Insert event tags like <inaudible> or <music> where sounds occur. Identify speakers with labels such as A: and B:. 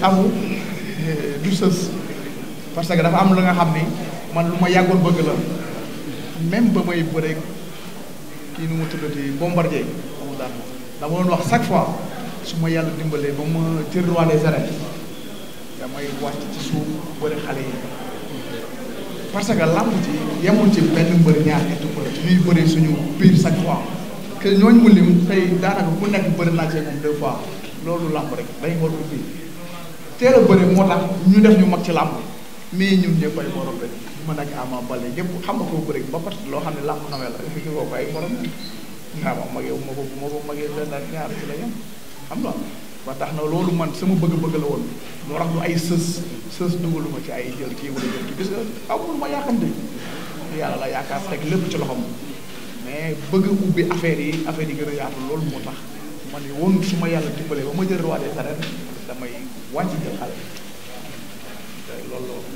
A: amu euh, du sës parce que dafa am lu nga xam ni man lu ma yàggoon bëgg la même ba may bëre kii nu mu tuddati bombardier amu wax chaque fois su ma yàlla dimbalee ba ma cër roi des arènes damay wàcc ci suuf bëri xale yi parce que làmb ci yemul ci benn mbër ñaar ñetti mbër ñuy bëri suñu biir chaque fois que ñooñu mu lim tey daanaka ku nekk bëri naa cee moom deux fois loolu làmb rek dañ war ubbi teel a bëri moo tax ñu def ñu mag ci làmb mais ñun ñëpp ay morom rek man ak Ama Baldé ñëpp xam na ko bëri ba parce que loo xam ne làmb nawee la fi <laughs> ñu ko ay morom waaw ma mag yow ma ko ma ko magee benn ak xam nga ba tax na loolu man sama bëgg-bëgg la woon moo tax du ay sës sës dugaluma ci ay jël kii wala jël kii parce que amul ma yàkkamte yàlla la yaakaar teg lépp ci loxoom mais bëgg ubbi affaire yi affaire yi gën a yaatu loolu moo tax ma ne woon su yàlla dimbalee ba ma jël roi des arènes damay wàññi jël xale loolu loolu